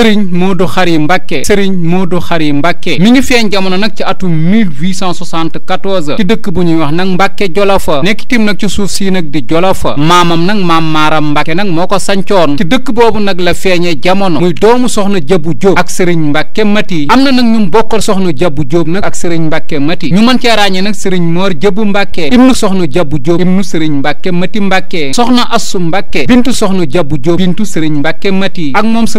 sëriñ Modou Khary Mbacké sëriñ Modou Khary Mbacké mi ngi feeñ jamono nag ci atum 1874 ci dëkk bu ñuy wax nag Mbacké Jolofa nekk tim nag ci suuf sii nag di Jolofa maamam nag maam Maaram Mbacké nag moo ko sancoon ci dëkk boobu nag la feeñee jamono muy doomu soxna Jabu Jóob ak sëriñ Mbacké Mati am na nag ñu bokkal soxna Jabu Jóob nag ak sëriñ Mbacké Mati ñu mën cee ràññee nag sëriñ Moor Jabu Mbacké ibnu soxna Jabu Jóob ibnu sëriñ Mbacké Mati Mbacké soxna Assu Mbacké bintu soxna Jabu Jóob sëriñ Mbacké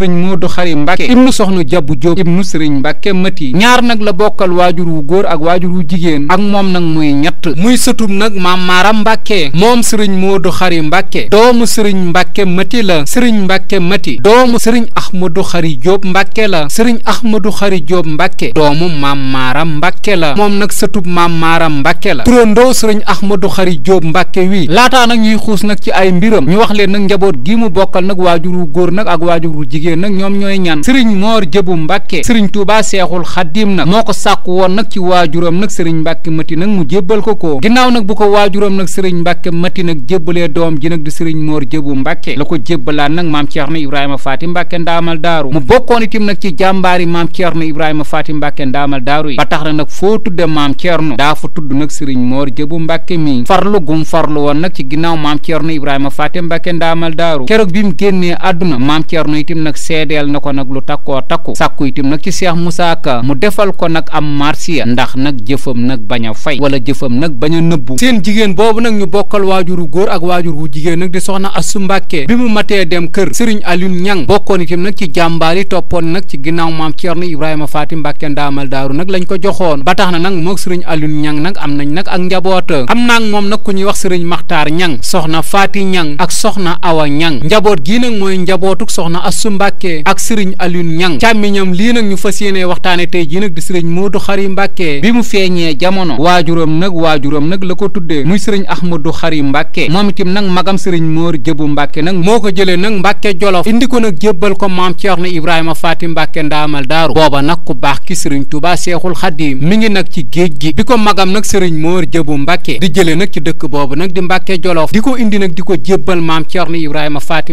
Abdoulaye Mbacke ibnu soxna Jabu Jóob ibnu Sëriñ Mbacke Mati ñaar nag la bokkal waajur wu góor ak waajur wu jigéen ak moom nag muy ñett muy sëtum nag maam Maaram Mbacke moom Sëriñ Moodu Xari Mbacke doomu Sëriñ Mbacke Mati la Sëriñ Mbacke Mati doomu Sëriñ Ahmadu Xari Jóob Mbacke la Sëriñ Ahmadu Xari Jóob Mbacke doomu maam Maaram Mbacke la moom nag sëtub maam Maaram Mbacke la turandoo Sëriñ Ahmadu Xari Jóob Mbacke wi laataa nag ñuy xuus nag ci ay mbiram ñu wax nag njaboot gi mu bokkal nag waajur wu góor nag ak waajur wu jigéen nag ñoom ñooy ñan sëriñ moor jëbu mbàkke sëriñ tuubaa seexul xaddiim nag moo ko sàkk woon nag ci waajuram nag sëriñ mbàkke mati nag mu jébbal ko ko ginnaaw nag bu ko waajuram nag sëriñ mbàkke mati nag jébbalee doom ji nag di sëriñ moor jëbu mbàkke la ko jébbalaan nag maam ceerno ibrahima faati mbàkke ndaamal daaru mu bokkoon itam nag ci jàmbaari maam ceerno ibrahima faati mbàkke ndaamal daaru yi ba tax na nag foo tudde maam ceerno daa fa tudd nag sëriñ moor jëbu mbàkke mi farlu gum farlu woon nag ci ginnaaw maam ceerno ibrahima faati mbàkke ndaamal daaru keroog bi mu génnee àdduna maam ceerno ko nag lu takkoo takku sàkku itam nag ci Cheikh Moussa Ka mu defal ko nag am marsiya ndax nag jëfam nag bañ a fay wala jëfam nag bañ a nëbbu seen jigéen boobu nag ñu bokkal waajuru góor ak waajur wu jigéen nag di soxna Astou Mbacké bi mu matee dem kër Serigne Alioune Niang bokkoon itam nag ci jàmbaar yi toppoon nag ci ginnaaw maam Thierno Ibrahima Faty Mbacké ndaamal daaru nag lañ ko joxoon ba tax na nag moog Serigne Alioune Niang nag am nañ nag ak njaboota am naa moom nag ku ñuy wax Serigne Makhtar Niang soxna Faty Niang ak soxna Awa sëriñ Alioune Niang càmmiñam lii nag ñu fas yéenee waxtaane tey jii nag di sëriñ Modou Khary Mbacké bi mu feeñee jamono waajuram nag waajuram nag la ko tuddee muy sëriñ Ahmadou Khary Mbacké moom itam nag magam sëriñ Mor Jëbu mbakke nag moo ko jëlee nag Mbacké Jolof indi ko nag jëbbal ko maam Cheikh na Ibrahima Faati mbakke ndaamal daaru booba nag ku baax ki sëriñ tubaa Seexul Xadiim mi ngi nag ci géej gi bi ko magam nag sëriñ moo Jëbu Mbacké di jëlee nag ci dëkk boobu nag di Mbacké Jolof di ko indi nag di ko jébbal maam Cheikh na Ibrahima Faati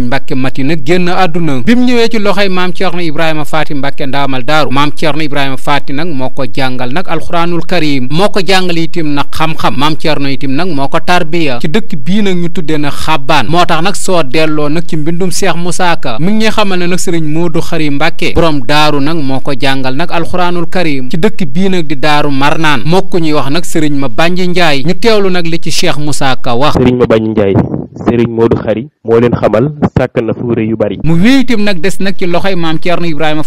sëriñ mat mati nag génn àdduna bi mu ñëwee ci loxo loxoy maam Thierno Ibrahima Faati Mbacke ndaamal daaru maam Thierno Ibrahima Faati nag moo ko jàngal nag alxuraanul karim moo ko jàngal itim nag xam-xam maam itim nag moo ko tarbiya ci dëkk bii nag ñu tuddee na xabbaan moo tax nag soo delloo nag ci mbindum Cheikh Moussa Ka mi ngi xamal ne nag sëriñ moo Modou Khary Mbacke borom daaru nag moo ko jàngal nag alxuraanul karim ci dëkk bii nag di daaru Marnaan mokk ñuy wax nag sëriñ ma bànji Njaay ñu teewlu nag li ci Cheikh Moussa Ka wax sëriñ ma bànji Njaay Serigne Modou Khari moo leen xamal sàkk na fuure yu bari mu wéy itam nag des nag ci loxoy maam Thierno Ibrahima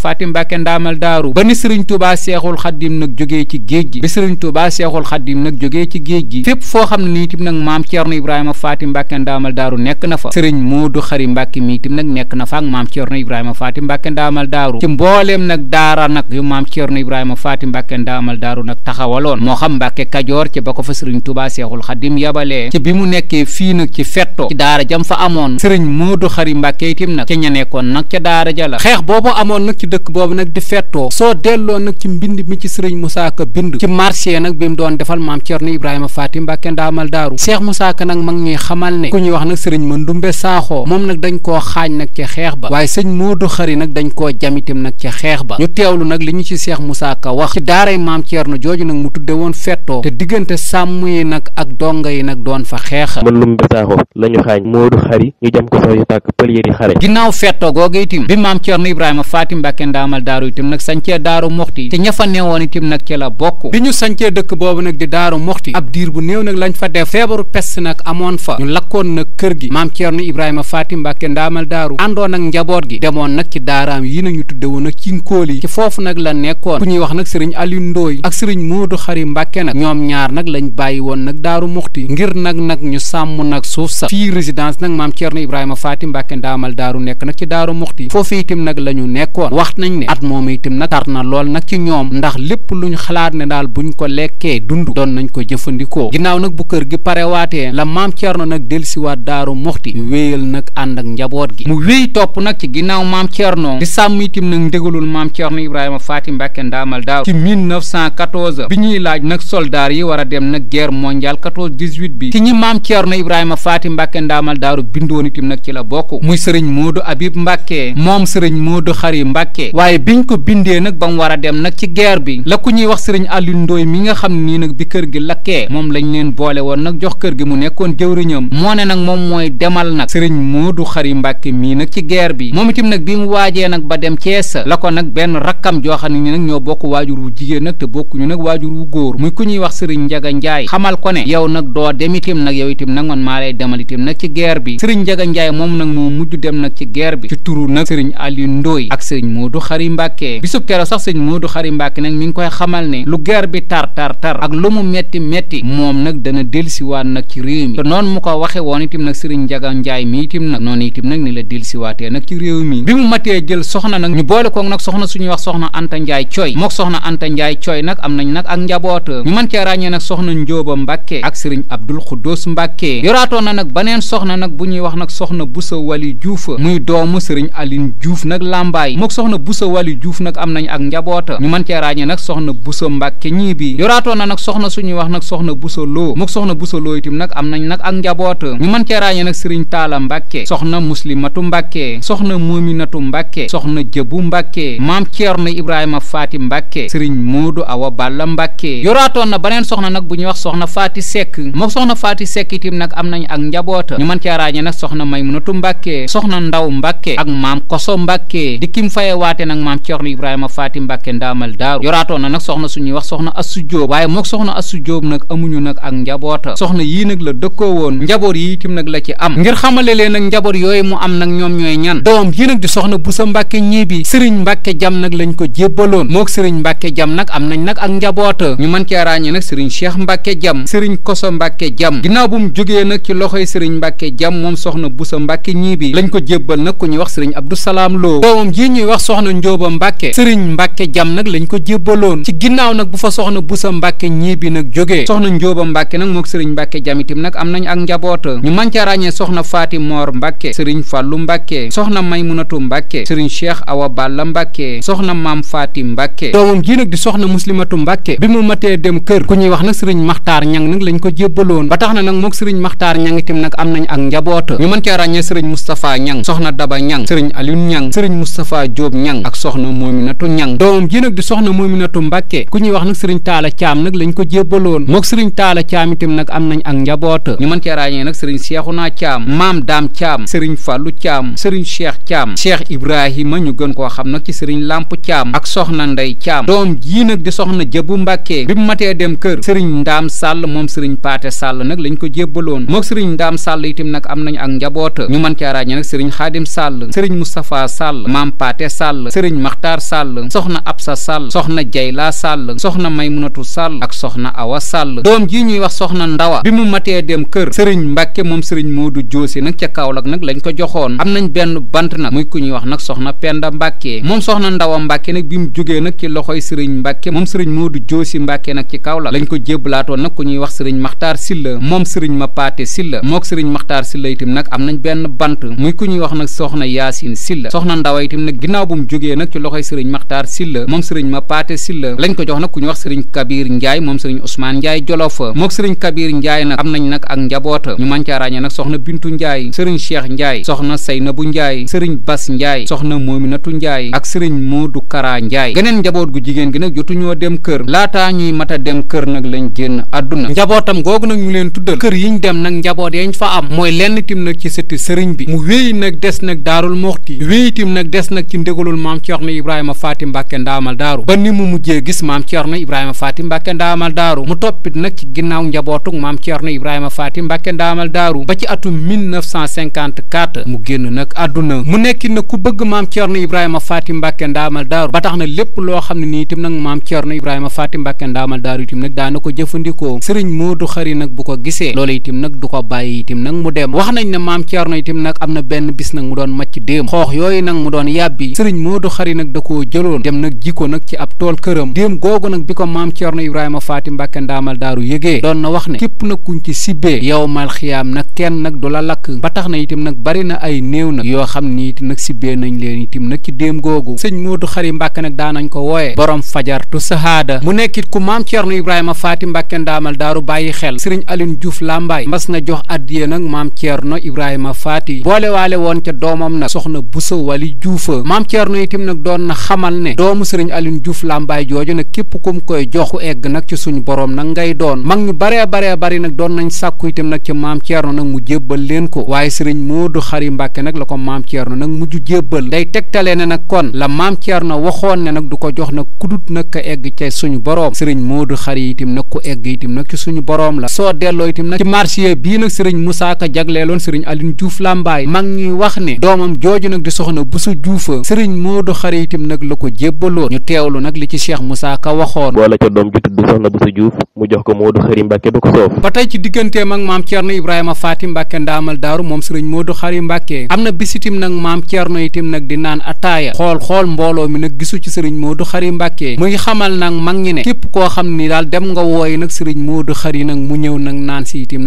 ba ni Serigne Touba Seexul Xaddim nag jógee ci géej gi ba Serigne Touba Seexul Xaddim nag jógee ci géej gi fépp foo xam ne nii itam nag maam Thierno Ibrahima faati mbake ndaamal daaru nekk na fa Serigne Modou Khari Mbacke mi itam nag nekk na fa ak maam Thierno Ibrahima Fatim Mbacke ndaamal daaru ci mbooleem nag daara nag yu maam Thierno Ibrahima Fatim Mbacke ndaamal daaru nag taxawaloon moo xam Mbacke Kajoor ci ba ko fa sëriñ Touba Seexul Xaddim yabalee ci bi mu nekkee fii nag ci fet to ci daara jam fa amoon sëriñ Moodu Xari Mbàkke itim nag ca ña nekkoon nag ca daara ja xeex boobu amoon nag ci dëkk boobu nag di fettoo soo delloo nag ci mbind mi ci sëriñ Moussa Ka bind ci marché nag bi mu doon defal maam Cerno Ibrahima Faati Mbàkke ndaamal daaru Cheikh Moussa nag mag ñuy xamal ne ku ñuy wax nag sëriñ mën du mbe Saaxoo moom nag dañ koo xaaj nag ci xeex ba waaye sëñ Moodu Xari nag dañ koo jam jamitim nag ci xeex ba ñu teewlu nag li ñu ci Cheikh Moussa Ka wax ci daaray maam Cerno jooju nag mu tudde woon fettoo diggante sàmm yi nag ak donga yi nag doon fa xeex lañu xaañ moodu xari ñu jam ko sax yu tàkk pël yi di xare ginnaaw fettoo gi maam Cerno Ibrahima Faati Mbàkke ndaamal daaru àndoon ak njaboot gi demoon nag ci daaraam yi nañu tuddewoon nag ci nkóol yi la nekkoon ku ñuy wax nag sëriñ Aliou Ndooy ak sëriñ Moodu Xari Mbàkke nag ñoom ñaar nag lañ bàyyi woon nag daaru moxti ngir nag nag ñu sàmm nag suuf sa fii résidence nag maam Thierno Ibrahima Faty Mbacke ndaamal daaru nekk nag ci daaru muxti foofee itam nag la ñu nekkoon wax nañ ne at moom itam nag tar na lool nag ci ñoom ndax lépp luñ xalaat ne daal buñ ko lekkee dund doon nañ ko jëfandikoo ginnaaw nag bu kër gi pare waatee la maam Thierno nag dellusiwaat daaru muxti wéyal nag ànd ak njaboot gi mu wéy topp nag ci ginnaaw maam Thierno di sàmm itam nag ndégalul maam Thierno Ibrahima Faty Mbacke ndaamal daaru ci 1914 bi ñuy laaj nag soldaar yi war a dem nag guerre mondiale 14 18 bi maam Thierno Ibrahima Faty Mbacke Mbacke ndaamal daaru bindoon itam nag ci la bokk muy sëriñ Modou Habib Mbacke moom sëriñ Modou Khary Mbacke waaye bi biñ ko bindee nag ba mu war a dem nag ci guerre bi la ñuy wax sëriñ Aliou Ndoye mi nga xam nii nag bi kër gi lakkee moom lañ leen boole woon nag jox kër gi mu nekkoon jëwriñam moo ne nag moom mooy demal nag sëriñ Modou Khary Mbacke mii nag ci guerre bi moom itam nag bi mu waajee nag ba dem Thiès la ko nag benn rakkam joo xam ne ni nag ñoo bokk waajur wu jigéen nag te bokkuñu nag waajur wu góor muy ku ñuy wax sëriñ Njaga Njaay xamal ko ne yow nag doo dem nag yow nag maa lay demal victime nag ci guerre bi sëriñ Njaga Njaay moom nag moo mujj dem nag ci guerre bi ci turu nag sëriñ Aliou Ndoye ak sëriñ Modou Khary Mbacké bisub keroog sax sëriñ Modou Khary Mbacké nag mi ngi koy xamal ne lu guerre bi tar tar tar ak lu mu metti metti moom nag dana delsiwaat nag ci réew mi te mu ko waxe woon itam nag sëriñ Njaga Njaay mi itam nag noonu itam nag ni la delsiwaatee nag ci réew mi bi mu matee jël soxna nag ñu boole koog nag soxna suñuy wax soxna Anta Njaay Coy mook soxna Anta Njaay Coy nag am nañ nag ak njaboota ñu mën cee ràññee nag soxna Njóoba Mbacké ak sëriñ Abdul Xuddoos baneen soxna nag bu ñuy wax nag soxna Boussa Wali Diouf muy doomu sëriñ Aline juuf nag làmbaay mook soxna Boussa Wali juuf nag am nañ ak njaboota ñu mën cee ràññee nag soxna Boussa Mbàkke ñii bi yoraatoon na nag soxna suñuy wax nag soxna Boussa Lo mook soxna Boussa Lo itam nag am nañ nag ak njaboota ñu mën cee nag sëriñ Taala Mbàkke soxna Muslimatu Mbàkke soxna Muminatu Mbàkke soxna Jëbu Mbàkke maam Ceerno Ibrahima Faati Mbàkke sëriñ Moodu Awa Balla Mbàkke yoraatoon na baneen soxna nag bu ñuy wax soxna Faati Sekk mook soxna Faati Sekk itam nag am nañ ak njaboota njaboota ñu mën caa ràññee nag soxna Maymunatu Mbàkke soxna Ndaw Mbàkke ak maam Koso Mbàkke di kim fayewaate nag maam Ceerno Ibrahima Faati Mbàkke ndaamal daaru yoraatoon na nag soxna suñuy wax soxna Assu Jóob waaye mook soxna Assu Jóob nag amuñu nag ak njaboota soxna yii nag la dëkkoo woon njaboot yii itam nag la ci am ngir xamale leen nag njaboot yooyu mu am nag ñoom ñooy ñan doom yi nag di soxna Busa Mbàkke ñiibi sëriñ Mbàkke jam nag lañ ko jébbaloon mook sëriñ Mbàkke jam nag am nañ nag ak njaboota ñu mën caa ràññee nag sëriñ Cheikh Mbàkke jam sëriñ Koso Mbàkke jam ginnaaw bu mu jógee nag ci loxoy sëriñ sëriñ mbàkke jam moom soxna busa mbàkke ñii bi lañ ko jébbal nag ku ñuy wax sëriñ abdu salaam loo doomam jii ñuy wax soxna njóoba mbàkke sëriñ mbàkke jam nag lañ ko jébbaloon ci ginnaaw nag bu fa soxna busa mbàkke ñii bi nag jógee soxna njóoba mbàkke nag mook sëriñ mbàkke jam itam nag am nañ ak njaboota ñu mën ca ràññee soxna faati moor mbàkke sëriñ fàllu mbàkke soxna maymunatu mbàkke sëriñ cheikh awa balla mbàkke soxna maam faati mbàkke doomam jii nag di soxna muslimatu mbàkke bi mu matee dem kër ku wax nag sëriñ maxtaar ñang ba tax na nag mook sëriñ maxtaar ñang nag am nañ ak njaboota ñu mën cee ràññee sëriñ Moustapha Ñang soxna Daba Ñang sëriñ Alioune Ñang sëriñ Moustapha Diop Ñang ak soxna Mominatu Ñang doomam ji nag di soxna Mominatu Mbàkke ku ñuy wax nag sëriñ Taala Caam nag lañ ko jébbaloon mook sëriñ Taala Caam itam nag am nañ ak njaboota mën cee ràññee nag sëriñ Seexuna Caam Maam Daam Caam sëriñ Fàllu Caam sëriñ Cheikh Caam Cheikh Ibrahima ñu gën koo xam nag ci sëriñ Lamp Caam ak soxna Ndey Caam doom ji nag di soxna Jëbu Mbàkke bi mu matee dem kër sëriñ Ndaam Sàll moom sëriñ Paate Sàll nag lañ ko jébbaloon mook sëriñ Ndaam Dame Sall itam nag am nañu ak njaboot ñu mën caa ràññee nag sëriñ Xaadim Sall sëriñ Moustapha Sall Maam Paate Sall sëriñ Maxtaar Sall soxna Absa Sall soxna Jayla Sall soxna Maymunatu Sall ak soxna Awa Sall doom ji ñuy wax soxna Ndawa bi mu matee dem kër sëriñ Mbàkke moom sëriñ Moodu Joosi nag ca Kaolack nag lañ ko joxoon am nañ benn bant nag muy ku ñuy wax nag soxna Penda Mbàkke moom soxna Ndawa Mbàkke nag bi mu jógee nag ci loxoy sëriñ Mbàkke moom sëriñ Moodu Joosi Mbàkke nag ci Kaolack lañ ko jébbalaatoon nag ku ñuy wax mook sëriñ maxtaar silla itam nag am nañ benn bant mu ku ñuy wax nag soxna yaasin silla soxna ndawa itam nag ginnaaw bu mu jógee nag ci loxoy sëriñ maxtaar silla moom sëriñ ma paate silla lañ ko jox nag ku ñuy wax sëriñ kabir njaay moom sëriñ ousmane njaay jolof mook sëriñ kabir njaay nag am nañ nag ak njaboota ñu mën caa ràññee nag soxna bintu njaay sëriñ cheikh njaay soxna saynabu njaay sëriñ bas njaay soxna moominatu njaay ak sëriñ moodu kara njaay geneen njaboot gu jigéen gi nag jotuñoo dem kër laataa ñuy mat dem kër nag lañ génn àdduna njabootam googu buñ fa am mooy lenn tim nag ci sëtti sëriñ bi mu wéy nag des nag daarul moxti wéy tim nag des nag ci ndégalul maam Ceerno Ibrahima Faati Mbàkke ndaamal daaru ba ni mu mujjee gis maam Ceerno Ibrahima Faati Mbàkke daaru mu toppit nag ci ginnaaw njabootug maam Ceerno Ibrahima Faati Mbàkke ndaamal daaru ba ci atum 1954 mu génn nag àdduna mu nekki nag ku bëgg maam Ceerno Ibrahima Faati Mbàkke ndaamal daaru ba tax na lépp loo xam ne nii itam nag maam Ceerno Ibrahima Faati Mbàkke ndaamal daaru itam nag daana ko jëfandikoo sëriñ moo Moodu Xari nag bu ko gisee loolu itam nag du ko bàyyi itim nag mu dem wax nañ ne maam Thierno itim nag am na benn bis nag mu doon macc déem xoox yooyu nag mu doon yàbbi sëriñ Modou Khary nag da koo jëloon dem nag ji ko nag ci ab tool këram déem googu nag bi ko maam Thierno Ibrahima Faty Mbacké ndaamal daaru yëgee doon na wax ne képp nag kuñ ci sibbee yow mal kenn nag du la lakk ba tax na itim nag bari na ay néew nag yoo xam ni itam nag sibbee nañ leen itim nag ci déem googu sëñ Modou Khary Mbacké nag daanañ ko wooye borom fajartu sahaada mu nekkit ku maam Thierno Ibrahima Faty Mbacké ndaamal daaru bàyyi xel sëriñ Aline Diouf Lambaye mas na jox addi addiye nag maam Thierno Ibrahima Faty boolewaale woon ca doomam nag soxna Bousso Waly Diouf maam Thierno itam nag doon na xamal ne doomu sëriñ Alioune Diouf làmbaay jooju nag képp kum koy jox ku egg nag ci suñu boroom nag ngay doon mag ñu baree baree bari nag doon nañ sàkku itam nag ca maam Thierno nag mu jébbal leen ko waaye sëriñ Modou Khary Mbacke nag la ko maam no nag mujj jébbal day tegtale ne nag kon la maam Thierno waxoon ne nag du ko jox nag kudut nag egg ca suñu borom sëriñ Modou Khary itam nag ku egg itam nag suñu borom la Moussa Ka jagleeloon sëriñ Aline Diouf Lambaye mag ñuy wax ne doomam jooju nag di soxna bu su juufa sëriñ Modou Xare itam nag la ko jébbaloon ñu teewlu nag li ci Cheikh Moussa Ka waxoon boole ca doom ju tudd soxna bu su ko Modou Xari Mbàkke du ko soof ba tey ci digganteem ak maam Thierno Ibrahima Fatim Mbàkke ndaamal daaru moom sëriñ Modou Xari Mbàkke am na bis itam nag maam Thierno itam nag di naan ataaya xool xool mbooloo mi nag gisu ci sëriñ Modou Xari Mbàkke muy xamal nag mag ñi ne képp koo xam ni daal dem nga woy nag sëriñ Modou Xari nag mu ñëw nag naan si itam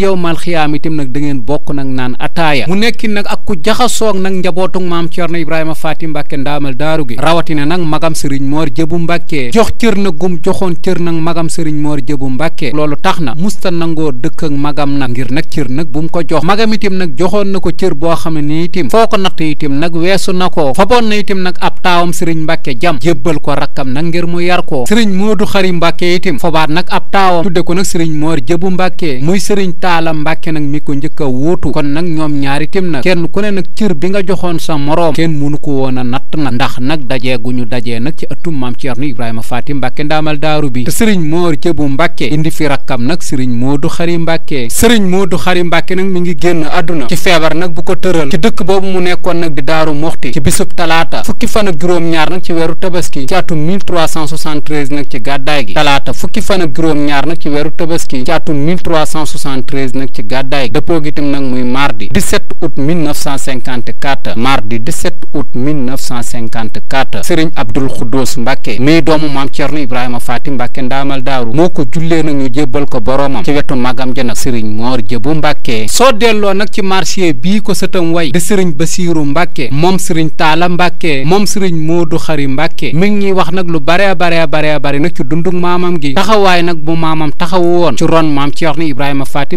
yowmal xiyaam itam nag da ngeen bokk nag naan ataaya mu nekkin nag ak ku jaxasoog nag njabootug maam Cerno Ibrahima Faati mbakke ndaamal daaru gi rawatina nag magam sëriñ Moor Jëbu Mbàkke jox cër nag gum joxoon cër nag magam sëriñ Moor Jëbu Mbàkke loolu tax na musta nangoo dëkk ak magam nag ngir nag cër nag bu mu ko jox magam itam nag joxoon na ko cër boo xam ne ni itam foo ko natt itam nag weesu na ko faboon na itam nag ab taawam sëriñ Mbàkke jam jébbal ko rakkam nag ngir mu yar ko sëriñ Moodu Xari Mbàkke itam fabaat nag ab taawam tudde sëriñ Moor Jëbu Mbàkke muy sëriñ taala mbàkke nag mi ko njëkk a wóotu kon nag ñoom ñaari tim nag kenn ku ne nag bi nga joxoon sa moroom kenn munu ko woon a natt ndax nag dajee gu ñu dajee nag ci ëttum maam Ceerno Ibrahima Faati Mbàkke ndaamal daaru bi te sëriñ Moor Jëbu Mbàkke indi fi rakkam nag sëriñ Moodu Xari Mbàkke sëriñ Moodu Xari Mbàkke nag mi ngi génn àdduna ci feebar nag bu ko tëral ci dëkk boobu mu nekkoon nag di daaru moxti ci bisub talaata fukki fan ak juróom-ñaar nag ci weeru tabaski ci atum 1373 nag ci gàddaay gi talaata fukki fan ak juróom-ñaar nag ci weeru tabaski ci atum 1373 1913 nag ci gàddaay gi dëppoo gi tam nag muy mardi 17 août 1954 mardi 17 août 1954 Serigne Abdoul Khoudous Mbacke mii doomu maam Thierno Ibrahima Fatim Mbacke ndaamal daaru moo ko jullee nag ñu jébbal ko boroomam ci wetu magam ja nag Serigne Mor Jëbu Mbacke soo delloo nag ci marché bii ko sëtam way di Serigne Basiiru Mbacke moom Serigne Taala Mbacke moom moo du Xari Mbacke mi ngi ñuy wax nag lu bare bare bare bare nag ci dundug maamam gi taxawaay nag bu maamam taxawu woon ci ron maam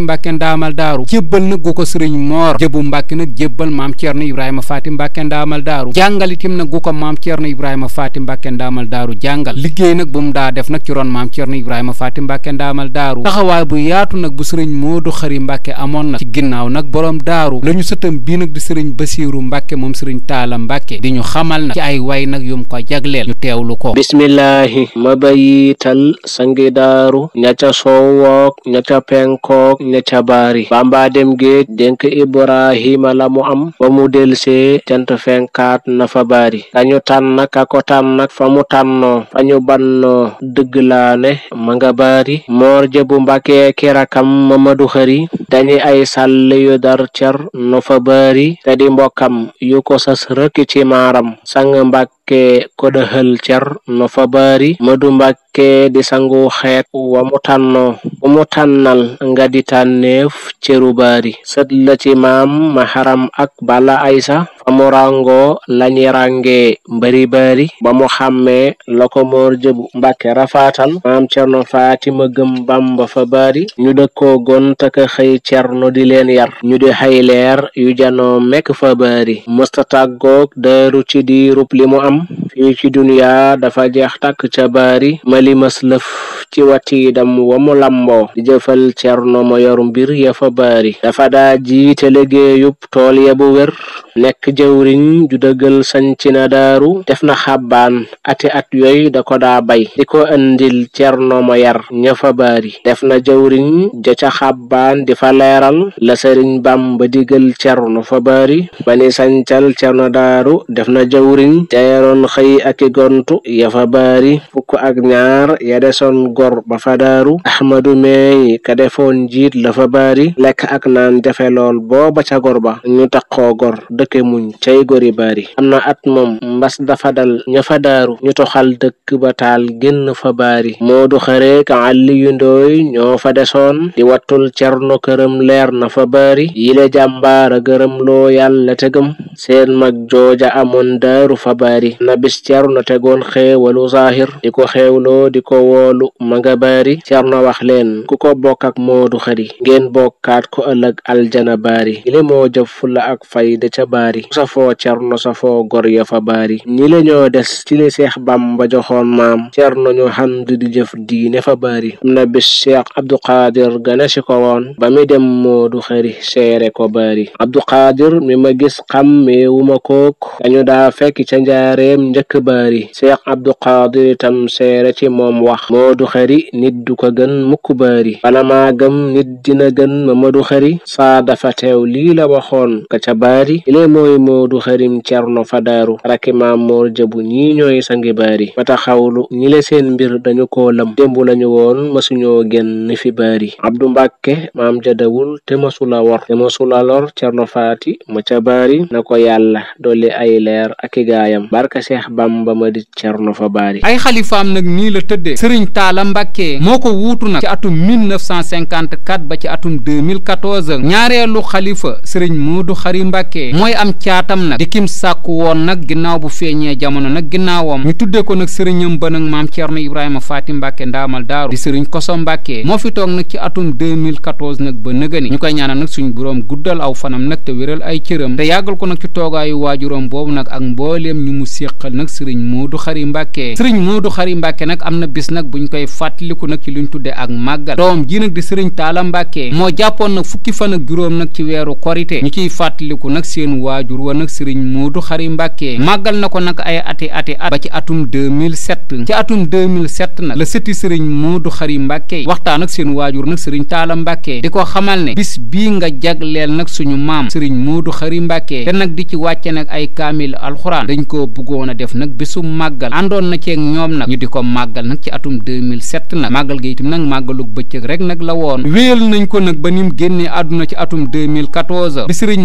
Mbàkke ndaamal daaru jébbal nag gu ko sëriñ moor jëbu Mbàkke nag jébbal maam Ceerno Ibrahima Faati Mbàkke ndaamal daaru jàngal itam nag gu ko maam Ceerno Ibrahima Faati Mbàkke ndaamal daaru jàngal liggéey nag bu mu daa def nag ci ron maam Ceerno Ibrahima Faati Mbàkke ndaamal daaru taxawaay bu yaatu nag bu sëriñ Moodu Xari Mbàkke amoon nag ci ginnaaw nag boroom daaru la ñu sëtam bii nag di sëriñ Basiiru Mbàkke moom sëriñ Taala Mbàkke di ñu xamal nag ci ne ca baari bamba dem géej dénk ibrahima la mu am ba mu delsee jant fenkaat na fa baari kañu tànn ka ko tànn fa mu tànnoo fa ñu bannoo dëgg laa ne ma nga baari moor jëbu mbàkkee kirakam mamadu xëri dañu ay sàll yu cer no fa baari te di yu ko sas rëkk ci sang mbàkk mbàkke ko dëxal cer no fa baari madu mbàkke di sangu xeet wa mu tànnoo ku mu tànnal nga di tànneef ceru baari sët la ci maam maharam ak bala aysa famo rango lañi range mbari bari ba mu xàmmee la ko moor jëbu mbàkke rafaatal maam cerno faatima gëm bamba fa bari ñu dëkkoo gon taka xëy cerno di leen yar ñu di xay leer yu janoo mekk fa bari mësta tàggoog daaru ci diirub li mu am fii ci duniya dafa jeex tàkk ca bari mali maslëf ci watiidam wa mu lamboo jëfal cerno ma yor mbir ya dafa daa jiite liggéeyub tool ya bu wér nekk jëwriñ ju dëggal sanci daaru def na xàbbaan ati at yooyu da ko daa bay di ko andil cerno mo yar ña fa baari def na jëwriñ ja ca xàbbaan di fa leeral la sëriñ bamba digal cerno fa baari ba ni sancal cerno daaru def na jëwriñ ja xëy aki gontu ya fa baari fukk ak ñaar ya desoon gor ba fa ahmadu meey ka defoon njiit la fa baari lekk ak naan jafe lool booba ca ba ñu taxoo gor dëkke muñ cay gori bari na at moom mbas dafa dal ña fa daaru ñu toxal dëkk ba taal génn fa baari moodu xareek Aliyu Ndooy ñoo fa desoon di wattul cerno këram leer na fa baari yile jàmbaara gërëm loo yàlla tegam seen mag jooja amoon daaru fa baari na bis cerno tegoon xeewalu zahir di ko xeewloo di ko woolu ma nga baari cerno wax leen ku ko bokk ak moodu xari ngeen bokkaat ko ëllëg aljana baari yile moo jëf ak fayda ca baari ku safoo cerno safoo gor ya fa baari ñi la ñoo des ci li seex bamba joxoon maam cerno ñu xamdu di fa baari am na bis seex abdu xaadir gane si ko woon ba mi dem moodu xëri seere ko baari abdu xaadir mi ma gis xam meewuma kook dañu daa fekk ca njaareem njëkk baari seex abdu xaadir itam seere ci moom wax moodu xëri nit du ko gën mukk baari bala maa gëm nit dina gën mamadu xëri saa dafa teew lii la kee mooy moodu xarim cerno fadaaru rakki maam moor jëbu ñii ñooy sangi baari ba taxawlu ñi le seen mbir dañu ko lam démb lañu woon masuñoo génn fi baari abdu mbàkke maam jadawul te masula wor te masula lor cerno faati ma ca baari na ko yàlla dolli ay leer ak i gaayam barka seex bamba ma di cerno fa baari ay xalifaam nag nii la tëddee sëriñ taala mbàkke moo ko wuutu nag ci atum 1954 ba ci atum 2014 ñaareelu xalifa sëriñ moodu xari mbàkke mooy mooy am caatam nag di kim sàkku woon nag ginnaaw bu feeñee jamono nag ginnaawam ñu tuddee ko nag sëriñam ba nag maam Thierno Ibrahima Fatim Mbacke ndaamal daaru di sëriñ Koso Mbacke moo fi toog nag ci atum 2014 nag ba nëgëni ñu koy ñaanal nag suñu borom guddal aw fanam nag te wéral ay cëram te yàggal ko nag ci toogaayu waajuram boobu nag ak mbooleem ñu mu séqal nag sëriñ Moodu Xari Mbacke sëriñ Moodu Xari Mbacke nag am na bis nag buñ koy fàttaliku nag ci luñ tuddee ak màggal doom ji nag di sëriñ Taala Mbacke moo jàppoon nag fukki fan ak juróom nag ci weeru korite ñu ciy fàttaliku nag seen waajur wa nag sëriñ Moodu Xari Mbàkke màggal na ko nag ay ati ati at ba ci atum 2007 ci atum 2007 nag la sëtti sëriñ Moodu Xari Mbàkke waxtaan ak seen waajur nag sëriñ Taala Mbàkke di ko xamal ne bis bii nga jagleel nag suñu maam sëriñ Moodu Xari Mbàkke te nag di ci wàcce nag ay kaamil alxuraan dañ koo bëggoon a def nag bisu màggal àndoon na ceeg ñoom nag ñu di ko màggal nag ci atum 2007 nag màggal gi itam nag màggalug bëccëg rek nag la woon wéyal nañ ko nag ba ni mu génnee ci atum 2014 bi sëriñ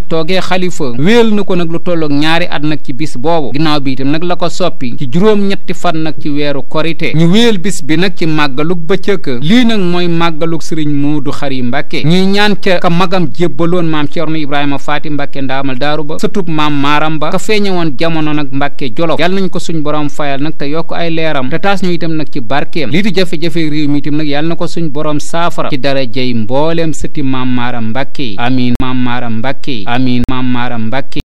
nag toogee xalifa wéel na ko nag lu tollook ñaari at nag ci bis boobu ginnaaw bi itam nag la ko soppi ci juróom-ñetti fan nag ci weeru korite ñu wéel bis bi nag ci màggalug bëccëg lii nag mooy màggalug sëriñ Moodu Xari Mbàkke ñuy ñaan ca ka magam jébbaloon maam Ceerno Ibrahima Faati Mbàkke ndaamal daaru ba sëtub maam maaram ba ka feeñe woon jamono nag Mbàkke Jolof yàlla nañ ko suñ borom fayal nag te yokk ay leeram te taas ñu itam nag ci barkeem lii di jafe-jafe réew nag yàlla na ko suñ borom saafara ci dara mbooleem sëti maam maaram Mbàkke yi amiin maam Maaram Mbàkke